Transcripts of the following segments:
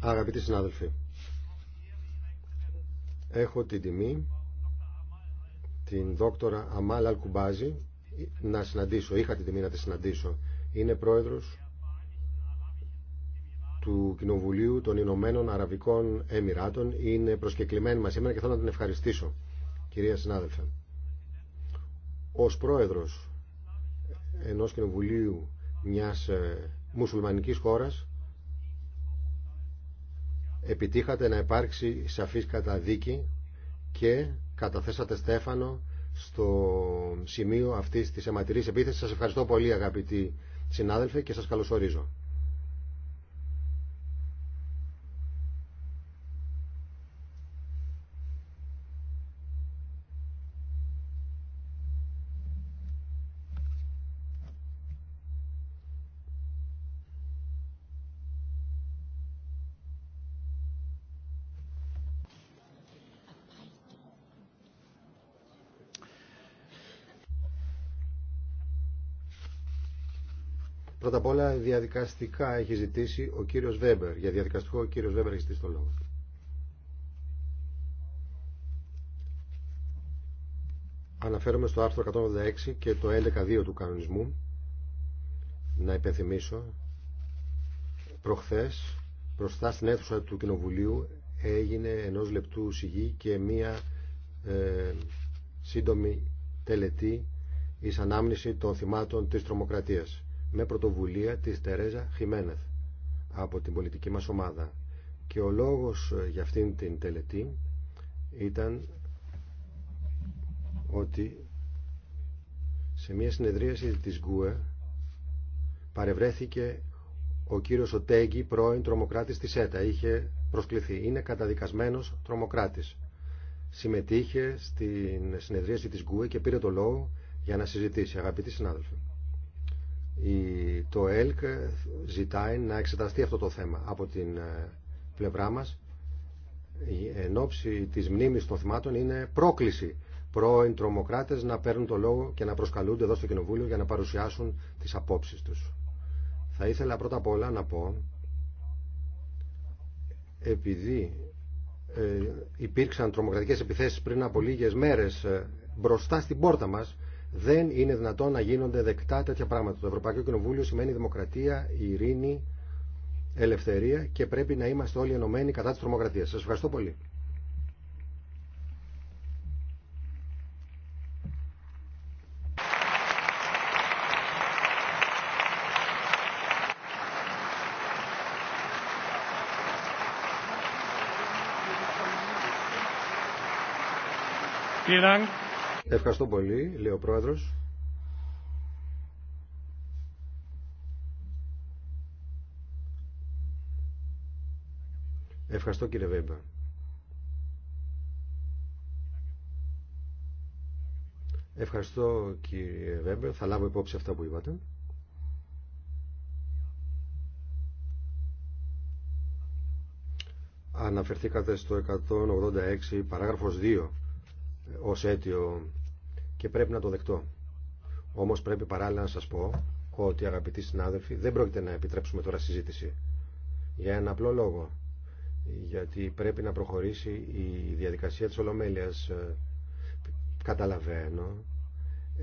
Αγαπητοί συνάδελφοι, έχω την τιμή την δόκτωρα Αμάλα Αλκουμπάζη να συναντήσω, είχα την τιμή να τη συναντήσω. Είναι πρόεδρος του Κοινοβουλίου των Ηνωμένων Αραβικών Εμμυράτων. Είναι προσκεκλημένη μας σήμερα και θέλω να την ευχαριστήσω, κυρία συνάδελφε. Ως πρόεδρος ενός Κοινοβουλίου μιας ε, μουσουλμανικής χώρας επιτύχατε να υπάρξει σαφής καταδίκη και καταθέσατε Στέφανο στο σημείο αυτής της αιματηρής επίθεσης. Σας ευχαριστώ πολύ αγαπητοί συνάδελφοι και σας καλωσορίζω. Πρώτα απ' όλα διαδικαστικά έχει ζητήσει ο κύριος Βέμπερ. Για διαδικαστικό ο κύριος Βέμπερ έχει ζητήσει το λόγο. Αναφέρομαι στο άρθρο 186 και το 11.2 του κανονισμού. Να υπενθυμίσω, προχθές μπροστά στην αίθουσα του Κοινοβουλίου έγινε ενός λεπτού σιγή και μία ε, σύντομη τελετή εις ανάμνηση των θυμάτων της τρομοκρατίας με πρωτοβουλία της Τερέζα Χιμένεθ από την πολιτική μας ομάδα. Και ο λόγος ε, για αυτήν την τελετή ήταν ότι σε μια συνεδρίαση της Γκουε παρευρέθηκε ο κύριος Οτέγγι, πρώην τρομοκράτης της ΕΤΑ. Είχε προσκληθεί. Είναι καταδικασμένος τρομοκράτης. Συμμετείχε στην συνεδρίαση της Γκουε και πήρε το λόγο για να συζητήσει. Αγαπητοί συνάδελφοι, το ΕΛΚ ζητάει να εξεταστεί αυτό το θέμα από την ε, πλευρά μας η ενόψη της μνήμης των θυμάτων είναι πρόκληση πρώην τρομοκράτες να παίρνουν το λόγο και να προσκαλούνται εδώ στο Κοινοβούλιο για να παρουσιάσουν τις απόψεις τους. Θα ήθελα πρώτα απ' όλα να πω επειδή ε, υπήρξαν τρομοκρατικές επιθέσεις πριν από λίγες μέρες ε, μπροστά στην πόρτα μας δεν είναι δυνατόν να γίνονται δεκτά τέτοια πράγματα. Το Ευρωπαϊκό Κοινοβούλιο σημαίνει δημοκρατία, ειρήνη, ελευθερία και πρέπει να είμαστε όλοι ενωμένοι κατά της τρομοκρατίας. Σας ευχαριστώ πολύ. Vielen Dank. Ευχαριστώ πολύ, λέει ο Πρόεδρος. Ευχαριστώ κύριε Βέμπα. Ευχαριστώ κύριε Βέμπερ. Θα λάβω υπόψη αυτά που είπατε. Αναφερθήκατε στο 186 παράγραφος 2 ως αίτιο και πρέπει να το δεχτώ. Όμως πρέπει παράλληλα να σας πω ότι αγαπητοί συνάδελφοι δεν πρόκειται να επιτρέψουμε τώρα συζήτηση για ένα απλό λόγο γιατί πρέπει να προχωρήσει η διαδικασία της Ολομέλειας ε, καταλαβαίνω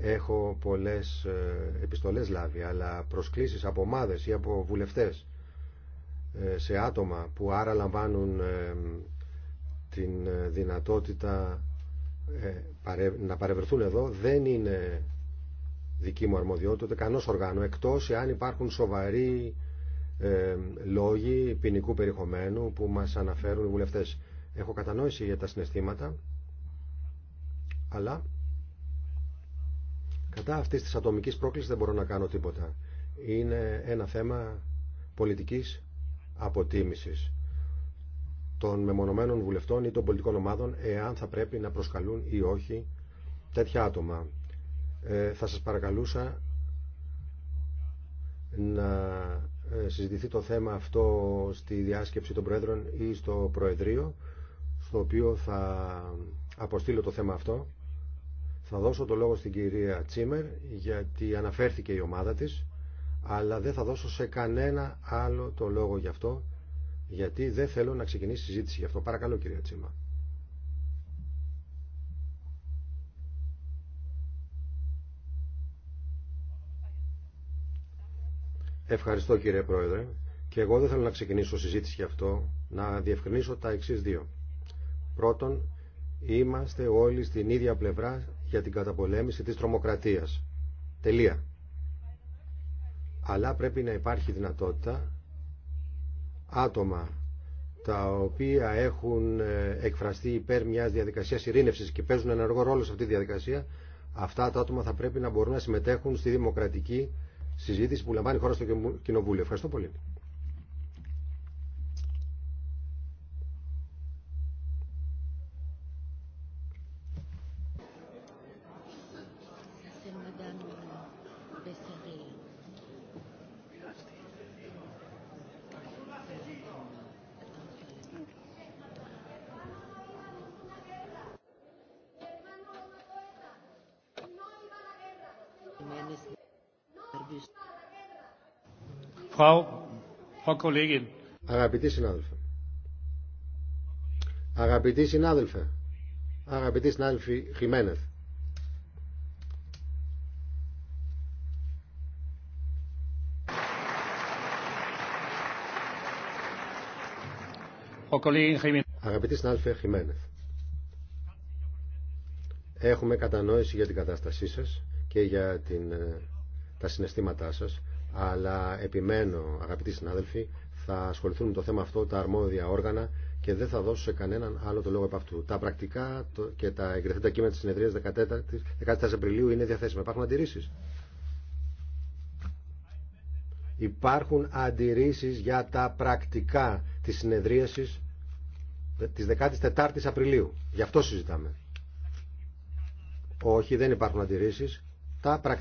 έχω πολλές ε, επιστολές λάβει αλλά προσκλήσεις από ομάδες ή από βουλευτές ε, σε άτομα που άρα λαμβάνουν την δυνατότητα ε, να παρευρεθούν εδώ δεν είναι δική μου αρμοδιότητα ούτε κανός οργάνου εκτός εάν υπάρχουν σοβαροί ε, λόγοι ποινικού περιεχομένου που μας αναφέρουν οι βουλευτές. Έχω κατανόηση για τα συναισθήματα αλλά κατά αυτής της ατομικής πρόκλησης δεν μπορώ να κάνω τίποτα. Είναι ένα θέμα πολιτικής αποτίμησης των μεμονωμένων βουλευτών ή των πολιτικών ομάδων εάν θα πρέπει να προσκαλούν ή όχι τέτοια άτομα. Ε, θα σας παρακαλούσα να ε, συζητηθεί το θέμα αυτό στη διάσκεψη των Προέδρων ή στο Προεδρείο στο οποίο θα αποστείλω το θέμα αυτό. Θα δώσω το λόγο στην κυρία Τσίμερ γιατί αναφέρθηκε η ομάδα της αλλά δεν θα δώσω σε κανένα άλλο το λόγο γι' αυτό γιατί δεν θέλω να ξεκινήσει συζήτηση γι' αυτό. Παρακαλώ κυρία Τσίμα. Ευχαριστώ κύριε Πρόεδρε. Και εγώ δεν θέλω να ξεκινήσω συζήτηση γι' αυτό, να διευκρινίσω τα εξή δύο. Πρώτον, είμαστε όλοι στην ίδια πλευρά για την καταπολέμηση της τρομοκρατίας. Τελεία. Αλλά πρέπει να υπάρχει δυνατότητα άτομα τα οποία έχουν ε, εκφραστεί υπέρ μια διαδικασίας ειρήνευσης και παίζουν ενεργό ρόλο σε αυτή τη διαδικασία, αυτά τα άτομα θα πρέπει να μπορούν να συμμετέχουν στη δημοκρατική συζήτηση που λαμβάνει η χώρα στο Κοινοβούλιο. Ευχαριστώ πολύ. Αγαπητοί συνάδελφοι. Αγαπητοί συνάδελφοι. Αγαπητοί συνάδελφοι Χιμένεθ. Αγαπητοί συνάδελφοι Χιμένεθ. Έχουμε κατανόηση για την κατάστασή σας και για την ε, τα συναισθήματά σας, αλλά επιμένω, αγαπητοί συνάδελφοι, θα ασχοληθούν με το θέμα αυτό τα αρμόδια όργανα και δεν θα δώσω σε κανέναν άλλο το λόγο από αυτού. Τα πρακτικά και τα εγκριθέντα κείμενα της συνεδρίας 14, Απριλίου είναι διαθέσιμα. Υπάρχουν αντιρρήσεις. Υπάρχουν αντιρρήσεις για τα πρακτικά της συνεδρίασης της 14 η Απριλίου. Γι' αυτό συζητάμε. Όχι, δεν υπάρχουν αντιρρήσεις. Τα πρακτικά